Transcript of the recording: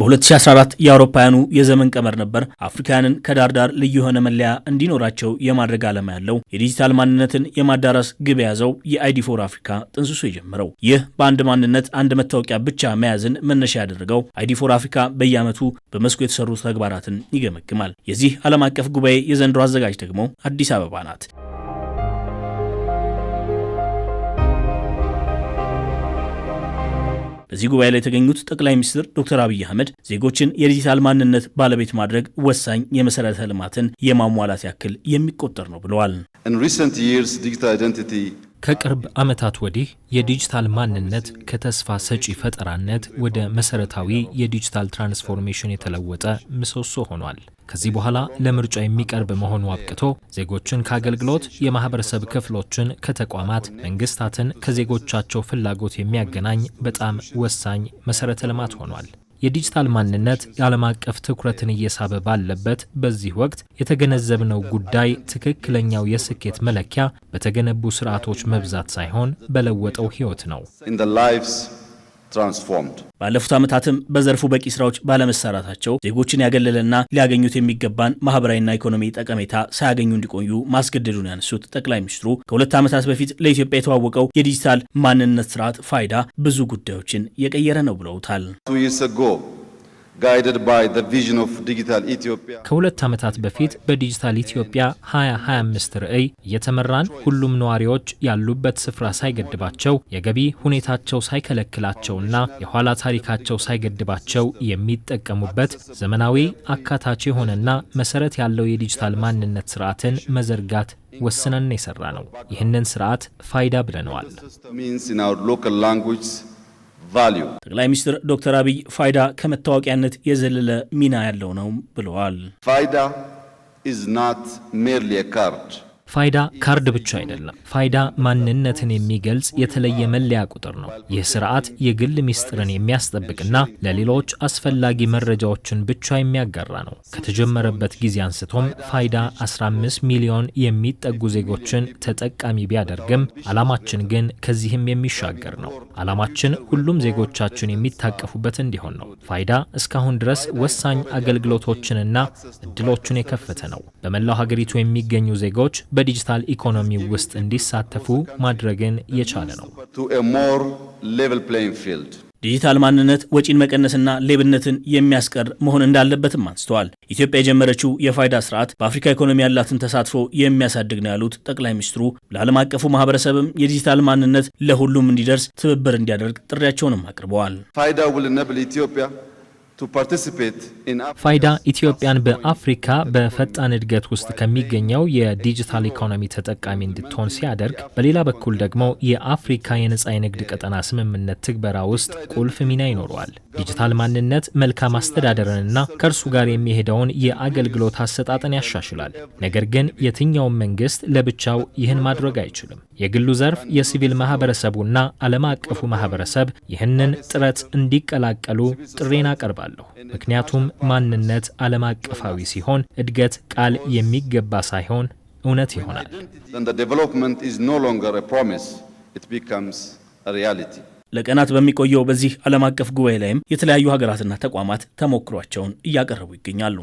በ2014 የአውሮፓውያኑ የዘመን ቀመር ነበር አፍሪካውያንን ከዳር ዳር ልዩ የሆነ መለያ እንዲኖራቸው የማድረግ ዓላማ ያለው የዲጂታል ማንነትን የማዳረስ ግብ የያዘው የአይዲ ፎር አፍሪካ ጥንስሶ የጀመረው ይህ በአንድ ማንነት አንድ መታወቂያ ብቻ መያዝን መነሻ ያደረገው አይዲ ፎር አፍሪካ በየዓመቱ በመስኩ የተሰሩ ተግባራትን ይገመግማል። የዚህ ዓለም አቀፍ ጉባኤ የዘንድሮ አዘጋጅ ደግሞ አዲስ አበባ ናት። በዚህ ጉባኤ ላይ የተገኙት ጠቅላይ ሚኒስትር ዶክተር አብይ አህመድ ዜጎችን የዲጂታል ማንነት ባለቤት ማድረግ ወሳኝ የመሰረተ ልማትን የማሟላት ያክል የሚቆጠር ነው ብለዋል። ከቅርብ ዓመታት ወዲህ የዲጂታል ማንነት ከተስፋ ሰጪ ፈጠራነት ወደ መሰረታዊ የዲጂታል ትራንስፎርሜሽን የተለወጠ ምሰሶ ሆኗል። ከዚህ በኋላ ለምርጫ የሚቀርብ መሆኑ አብቅቶ ዜጎችን ከአገልግሎት፣ የማህበረሰብ ክፍሎችን ከተቋማት፣ መንግስታትን ከዜጎቻቸው ፍላጎት የሚያገናኝ በጣም ወሳኝ መሰረተ ልማት ሆኗል። የዲጂታል ማንነት የዓለም አቀፍ ትኩረትን እየሳበ ባለበት በዚህ ወቅት የተገነዘብነው ጉዳይ ትክክለኛው የስኬት መለኪያ በተገነቡ ስርዓቶች መብዛት ሳይሆን በለወጠው ሕይወት ነው። ባለፉት ዓመታትም በዘርፉ በቂ ስራዎች ባለመሰራታቸው ዜጎችን ያገለለና ሊያገኙት የሚገባን ማህበራዊና ኢኮኖሚ ጠቀሜታ ሳያገኙ እንዲቆዩ ማስገደዱን ያነሱት ጠቅላይ ሚኒስትሩ ከሁለት ዓመታት በፊት ለኢትዮጵያ የተዋወቀው የዲጂታል ማንነት ስርዓት ፋይዳ ብዙ ጉዳዮችን የቀየረ ነው ብለውታል። ከሁለት ዓመታት በፊት በዲጂታል ኢትዮጵያ 2025 ርዕይ እየተመራን ሁሉም ነዋሪዎች ያሉበት ስፍራ ሳይገድባቸው የገቢ ሁኔታቸው ሳይከለክላቸውና የኋላ ታሪካቸው ሳይገድባቸው የሚጠቀሙበት ዘመናዊ አካታች የሆነና መሰረት ያለው የዲጂታል ማንነት ስርዓትን መዘርጋት ወስነን የሰራ ነው። ይህንን ስርዓት ፋይዳ ብለነዋል። ጠቅላይ ሚኒስትር ዶክተር አብይ ፋይዳ ከመታወቂያነት የዘለለ ሚና ያለው ነው ብለዋል። ፋይዳ ኢዝ ናት ሜርሊ ካርድ ፋይዳ ካርድ ብቻ አይደለም። ፋይዳ ማንነትን የሚገልጽ የተለየ መለያ ቁጥር ነው። ይህ ስርዓት የግል ሚስጥርን የሚያስጠብቅና ለሌሎች አስፈላጊ መረጃዎችን ብቻ የሚያጋራ ነው። ከተጀመረበት ጊዜ አንስቶም ፋይዳ 15 ሚሊዮን የሚጠጉ ዜጎችን ተጠቃሚ ቢያደርግም ዓላማችን ግን ከዚህም የሚሻገር ነው። ዓላማችን ሁሉም ዜጎቻችን የሚታቀፉበት እንዲሆን ነው። ፋይዳ እስካሁን ድረስ ወሳኝ አገልግሎቶችንና እድሎችን የከፈተ ነው። በመላው ሀገሪቱ የሚገኙ ዜጎች በዲጂታል ኢኮኖሚ ውስጥ እንዲሳተፉ ማድረግን የቻለ ነው። ዲጂታል ማንነት ወጪን መቀነስና ሌብነትን የሚያስቀር መሆን እንዳለበትም አንስተዋል። ኢትዮጵያ የጀመረችው የፋይዳ ስርዓት በአፍሪካ ኢኮኖሚ ያላትን ተሳትፎ የሚያሳድግ ነው ያሉት ጠቅላይ ሚኒስትሩ ለዓለም አቀፉ ማህበረሰብም የዲጂታል ማንነት ለሁሉም እንዲደርስ ትብብር እንዲያደርግ ጥሪያቸውንም አቅርበዋል። ፋይዳ ኢትዮጵያን በአፍሪካ በፈጣን እድገት ውስጥ ከሚገኘው የዲጂታል ኢኮኖሚ ተጠቃሚ እንድትሆን ሲያደርግ፣ በሌላ በኩል ደግሞ የአፍሪካ የነጻ የንግድ ቀጠና ስምምነት ትግበራ ውስጥ ቁልፍ ሚና ይኖረዋል። ዲጂታል ማንነት መልካም አስተዳደርንና ከእርሱ ጋር የሚሄደውን የአገልግሎት አሰጣጥን ያሻሽላል። ነገር ግን የትኛውም መንግስት ለብቻው ይህን ማድረግ አይችልም። የግሉ ዘርፍ፣ የሲቪል ማህበረሰቡና ዓለም አቀፉ ማህበረሰብ ይህንን ጥረት እንዲቀላቀሉ ጥሬን አቀርባል። አምናለሁ። ምክንያቱም ማንነት ዓለም አቀፋዊ ሲሆን እድገት ቃል የሚገባ ሳይሆን እውነት ይሆናል። ለቀናት በሚቆየው በዚህ ዓለም አቀፍ ጉባኤ ላይም የተለያዩ ሀገራትና ተቋማት ተሞክሯቸውን እያቀረቡ ይገኛሉ።